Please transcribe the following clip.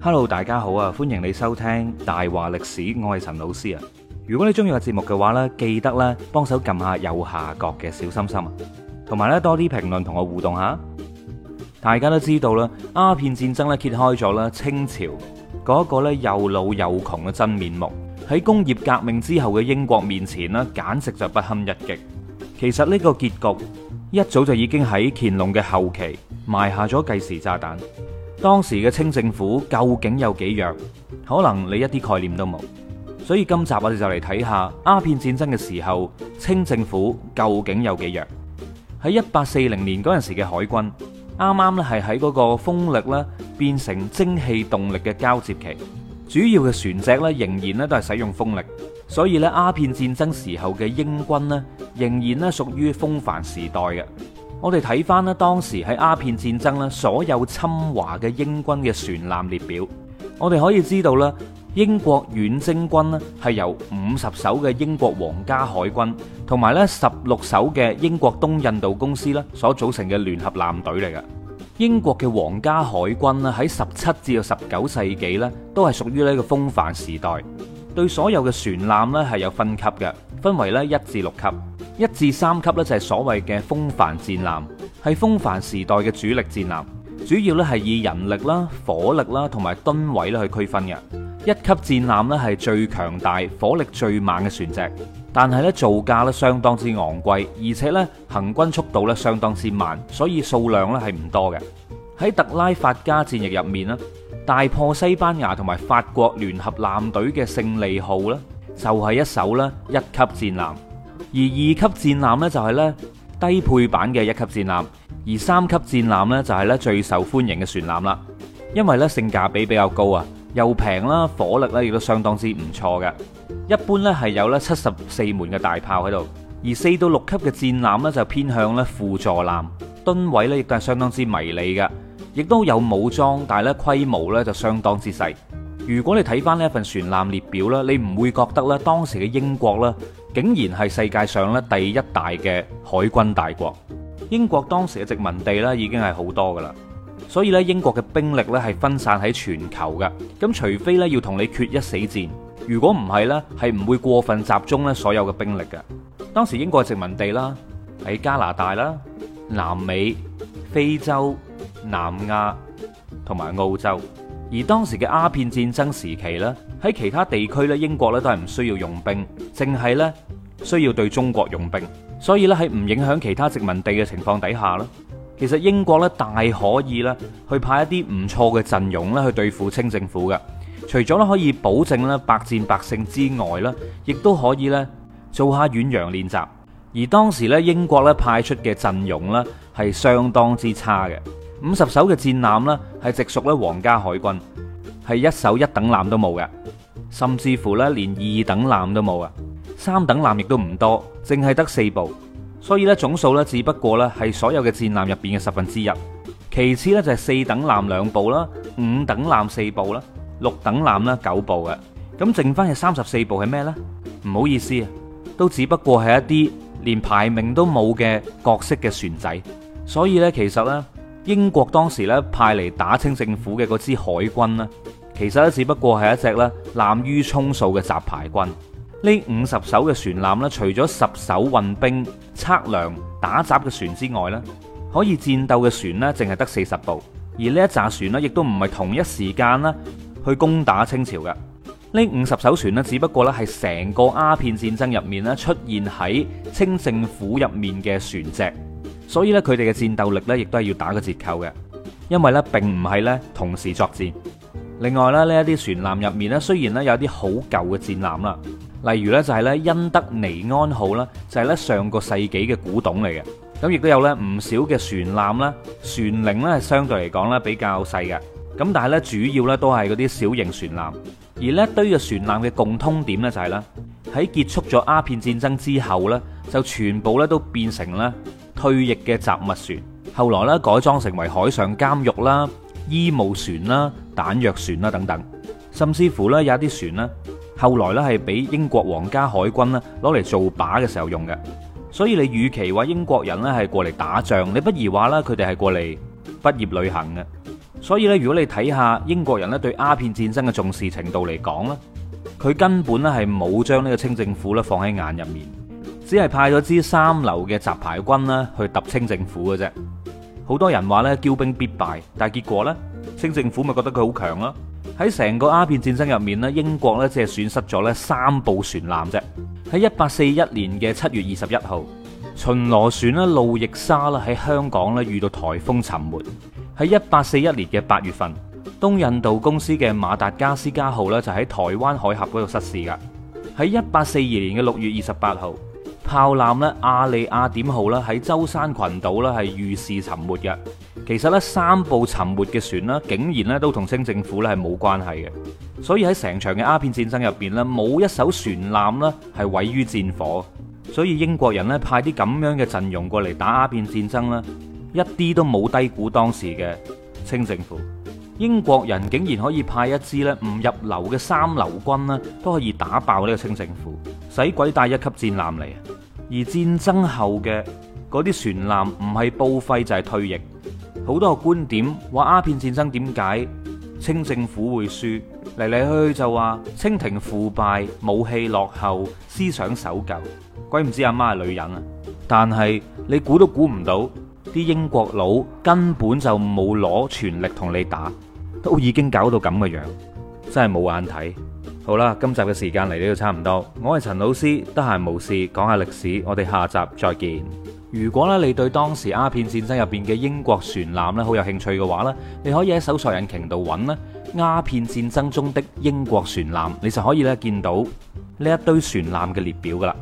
hello，大家好啊，歡迎你收聽大話歷史，我係陳老師啊。如果你中意個節目嘅話呢，記得咧幫手撳下右下角嘅小心心啊，同埋多啲評論同我互動下。大家都知道啦，鴉片戰爭咧揭開咗啦清朝嗰個又老又窮嘅真面目，喺工業革命之後嘅英國面前啦，簡直就不堪一擊。其實呢個結局一早就已經喺乾隆嘅後期埋下咗計時炸彈。當時嘅清政府究竟有幾弱？可能你一啲概念都冇，所以今集我哋就嚟睇下鴉片戰爭嘅時候，清政府究竟有幾弱？喺一八四零年嗰陣時嘅海軍，啱啱咧係喺嗰個風力咧變成蒸汽動力嘅交接期，主要嘅船隻咧仍然咧都係使用風力，所以咧鴉片戰爭時候嘅英軍咧仍然咧屬於風帆時代嘅。我哋睇返咧，當時喺鴉片戰爭咧，所有侵華嘅英軍嘅船艦列表，我哋可以知道咧，英國遠征軍咧係由五十艘嘅英國皇家海軍同埋咧十六艘嘅英國東印度公司咧所組成嘅聯合艦隊嚟嘅。英國嘅皇家海軍咧喺十七至十九世紀咧都係屬於呢一個風帆時代，對所有嘅船艦咧係有分級嘅，分為咧一至六級。一至三級呢，就係所謂嘅風帆戰艦，係風帆時代嘅主力戰艦，主要呢，係以人力啦、火力啦同埋噸位咧去區分嘅。一級戰艦呢，係最強大、火力最猛嘅船隻，但係呢，造價呢相當之昂貴，而且呢，行軍速度呢相當之慢，所以數量呢係唔多嘅。喺特拉法加戰役入面呢，大破西班牙同埋法國聯合艦隊嘅勝利號呢，就係一艘呢一級戰艦。而二級戰艦呢，就係呢低配版嘅一級戰艦，而三級戰艦呢，就係呢最受歡迎嘅船艦啦，因為呢，性價比比較高啊，又平啦，火力呢亦都相當之唔錯嘅。一般呢，係有呢七十四門嘅大炮喺度。而四到六級嘅戰艦呢，就偏向呢輔助艦，噸位呢亦都係相當之迷你嘅，亦都有武裝，但係呢規模呢就相當之細。如果你睇翻呢一份船艦列表呢，你唔會覺得呢當時嘅英國呢。竟然係世界上咧第一大嘅海軍大國，英國當時嘅殖民地咧已經係好多噶啦，所以咧英國嘅兵力咧係分散喺全球嘅，咁除非咧要同你決一死戰，如果唔係咧係唔會過分集中咧所有嘅兵力嘅。當時英國嘅殖民地啦，喺加拿大啦、南美、非洲、南亞同埋澳洲，而當時嘅鴉片戰爭時期咧。喺其他地區咧，英國咧都係唔需要用兵，淨係咧需要對中國用兵。所以咧喺唔影響其他殖民地嘅情況底下咧，其實英國咧大可以咧去派一啲唔錯嘅陣容咧去對付清政府嘅。除咗咧可以保證咧百戰百勝之外咧，亦都可以咧做下遠洋練習。而當時咧英國咧派出嘅陣容咧係相當之差嘅，五十艘嘅戰艦咧係直屬咧皇家海軍。係一艘一等艦都冇嘅，甚至乎咧連二等艦都冇嘅，三等艦亦都唔多，淨係得四部，所以咧總數咧只不過咧係所有嘅戰艦入邊嘅十分之一。其次咧就係四等艦兩部啦，五等艦四部啦，六等艦啦九部嘅，咁剩翻係三十四部係咩咧？唔好意思啊，都只不過係一啲連排名都冇嘅角色嘅船仔。所以咧其實咧英國當時咧派嚟打清政府嘅嗰支海軍咧，其實咧，只不過係一隻咧，濫竽充數嘅雜牌軍。呢五十艘嘅船艦咧，除咗十艘運兵、測量、打雜嘅船之外咧，可以戰鬥嘅船咧，淨係得四十部。而呢一紮船咧，亦都唔係同一時間咧去攻打清朝嘅。呢五十艘船咧，只不過咧係成個鴉片戰爭入面咧出現喺清政府入面嘅船隻，所以咧佢哋嘅戰鬥力咧，亦都係要打個折扣嘅，因為咧並唔係咧同時作戰。另外咧，呢一啲船艦入面呢，雖然呢有啲好舊嘅戰艦啦，例如呢就係恩德尼安號啦，就係、是、呢上個世紀嘅古董嚟嘅。咁亦都有呢唔少嘅船艦啦，船齡呢係相對嚟講呢比較細嘅。咁但係呢，主要呢都係嗰啲小型船艦。而呢堆嘅船艦嘅共通點呢、就是，就係呢喺結束咗鴉片戰爭之後呢，就全部呢都變成呢退役嘅雜物船，後來呢改裝成為海上監獄啦、醫務船啦。彈藥船啦，等等，甚至乎呢，有啲船呢，後來呢，係俾英國皇家海軍咧攞嚟做靶嘅時候用嘅。所以你與其話英國人咧係過嚟打仗，你不如話呢，佢哋係過嚟畢業旅行嘅。所以呢，如果你睇下英國人咧對鴉片戰爭嘅重視程度嚟講呢，佢根本呢係冇將呢個清政府呢放喺眼入面，只係派咗支三流嘅雜牌軍呢去揼清政府嘅啫。好多人話呢，驕兵必敗，但係結果呢？清政府咪覺得佢好強咯！喺成個鴉片戰爭入面咧，英國咧只係損失咗咧三部船艦啫。喺一八四一年嘅七月二十一號，巡邏船咧路易沙啦喺香港咧遇到颱風沉沒。喺一八四一年嘅八月份，東印度公司嘅馬達加斯加號咧就喺台灣海峽嗰度失事噶。喺一八四二年嘅六月二十八號，炮艦咧阿里亞點號啦喺舟山群島啦係遇事沉沒嘅。其實咧，三部沉沒嘅船啦，竟然咧都同清政府咧係冇關係嘅。所以喺成場嘅鴉片戰爭入邊咧，冇一艘船艦咧係毀於戰火。所以英國人咧派啲咁樣嘅陣容過嚟打鴉片戰爭咧，一啲都冇低估當時嘅清政府。英國人竟然可以派一支咧唔入流嘅三流軍咧都可以打爆呢個清政府，使鬼帶一級戰艦嚟。而戰爭後嘅嗰啲船艦唔係報廢就係、是、退役。好多觀點話鴉片戰爭點解清政府會輸，嚟嚟去去就話清廷腐敗、武器落後、思想守舊。鬼唔知阿媽係女人啊！但係你估都估唔到，啲英國佬根本就冇攞全力同你打，都已經搞到咁嘅樣，真係冇眼睇。好啦，今集嘅時間嚟到呢度差唔多，我係陳老師，得閒冇事講下歷史，我哋下集再見。如果咧你對當時鴉片戰爭入邊嘅英國船艦咧好有興趣嘅話咧，你可以喺搜索引擎度揾咧鴉片戰爭中的英國船艦，你就可以咧見到呢一堆船艦嘅列表噶啦。